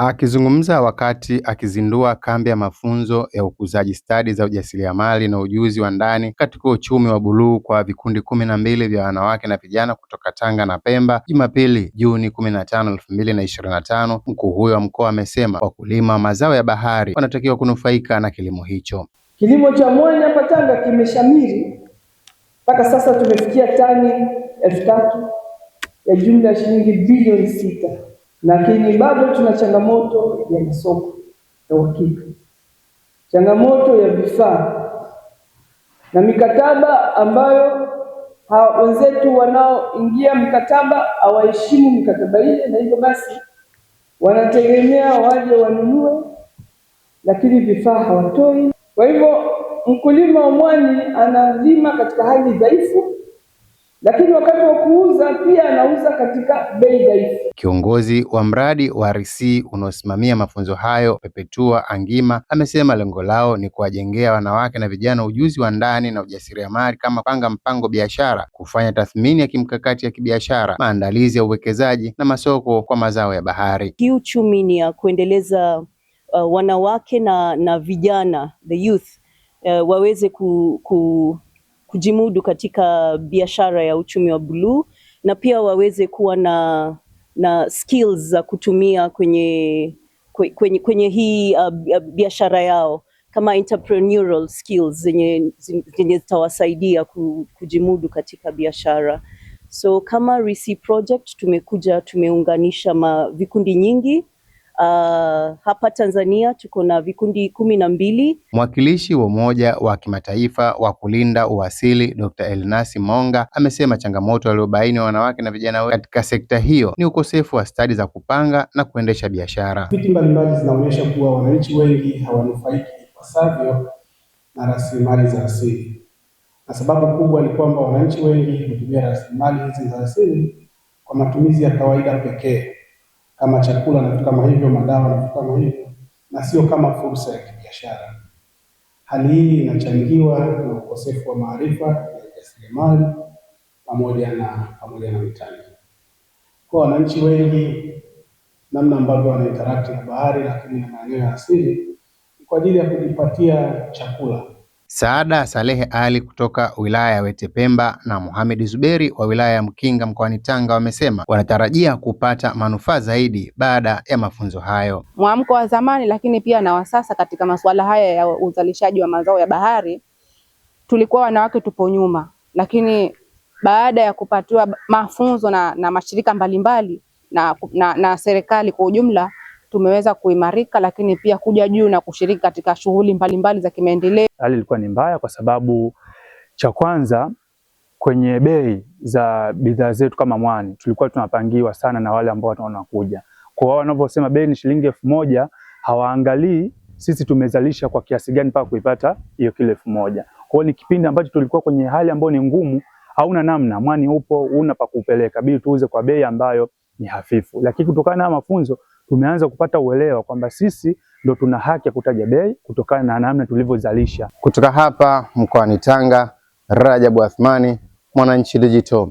Akizungumza wakati akizindua kambi ya mafunzo ya ukuzaji stadi za ujasiriamali na ujuzi wa ndani katika uchumi wa buluu kwa vikundi kumi na mbili vya wanawake na vijana kutoka Tanga na Pemba, Jumapili Juni kumi na tano elfu mbili na ishirini na tano. Mkuu huyo wa mkoa amesema wakulima mazao ya bahari wanatakiwa kunufaika na kilimo hicho. Kilimo cha mwani hapa Tanga kimeshamiri mpaka sasa, tumefikia tani elfu tatu ya jumla ya shilingi bilioni sita lakini bado tuna changamoto ya masoko ya uhakika, changamoto ya vifaa na mikataba ambayo wenzetu wanaoingia mkataba hawaheshimu mikataba ile, na hivyo basi wanategemea waje wanunue, lakini vifaa hawatoi. Kwa hivyo mkulima wa mwani analima katika hali dhaifu lakini wakati wa kuuza pia anauza katika bei dhaifu. Kiongozi wa mradi wa RC unaosimamia mafunzo hayo Pepetua Angima amesema lengo lao ni kuwajengea wanawake na vijana ujuzi wa ndani na ujasiriamali kama panga mpango biashara, kufanya tathmini ya kimkakati ya kibiashara, maandalizi ya uwekezaji na masoko kwa mazao ya bahari. Kiuchumi ni ya kuendeleza uh, wanawake na, na vijana the youth uh, waweze ku, ku kujimudu katika biashara ya uchumi wa buluu na pia waweze kuwa na na skills za kutumia kwenye kwenye, kwenye hii uh, uh, biashara yao kama entrepreneurial skills zenye zenye zitawasaidia kujimudu katika biashara. So kama RISI project tumekuja tumeunganisha ma vikundi nyingi Uh, hapa Tanzania tuko na vikundi kumi na mbili. Mwakilishi wa Umoja wa Kimataifa wa kulinda uasili Dr. Elnasi Monga amesema changamoto waliobaini wanawake na vijana katika sekta hiyo ni ukosefu wa stadi za kupanga na kuendesha biashara. Tafiti mbalimbali zinaonyesha kuwa wananchi wengi hawanufaiki ipasavyo na rasilimali za asili, na sababu kubwa ni kwamba wananchi wengi hutumia rasilimali hizi za asili kwa matumizi ya kawaida pekee kama chakula na vitu kama hivyo, madawa na vitu kama hivyo, na sio kama fursa ya kibiashara. Hali hii inachangiwa na ukosefu wa maarifa ya ujasiriamali pamoja na pamoja na mitaji. Kwa wananchi wengi, namna ambavyo wanaitarati na bahari, lakini na maeneo ya asili, ni kwa ajili ya kujipatia chakula Saada Salehe Ali kutoka wilaya ya Wete Pemba na Mohamed Zuberi wa wilaya ya Mkinga mkoani Tanga wamesema wanatarajia kupata manufaa zaidi baada ya mafunzo hayo. Mwamko wa zamani lakini pia na wa sasa katika masuala haya ya uzalishaji wa mazao ya bahari, tulikuwa wanawake tupo nyuma, lakini baada ya kupatiwa mafunzo na, na mashirika mbalimbali na, na, na serikali kwa ujumla tumeweza kuimarika, lakini pia kuja juu na kushiriki katika shughuli mbalimbali za kimaendeleo. Hali ilikuwa ni mbaya kwa sababu cha kwanza kwenye bei za bidhaa zetu kama mwani tulikuwa tunapangiwa sana na wale ambao wanakuja. Kwa hiyo wanaposema bei ni shilingi elfu moja hawaangalii sisi tumezalisha kwa kiasi gani mpaka kuipata hiyo kile elfu moja. Kwa hiyo ni kipindi ambacho tulikuwa kwenye hali ambayo ni ngumu, hauna namna, mwani upo, una pa kupeleka, bidi tuuze kwa bei ambayo ni hafifu. Lakini kutokana na mafunzo tumeanza kupata uelewa kwamba sisi ndo tuna haki ya kutaja bei kutokana na namna tulivyozalisha. Kutoka hapa mkoani Tanga, Rajabu Athmani, Mwananchi Digital.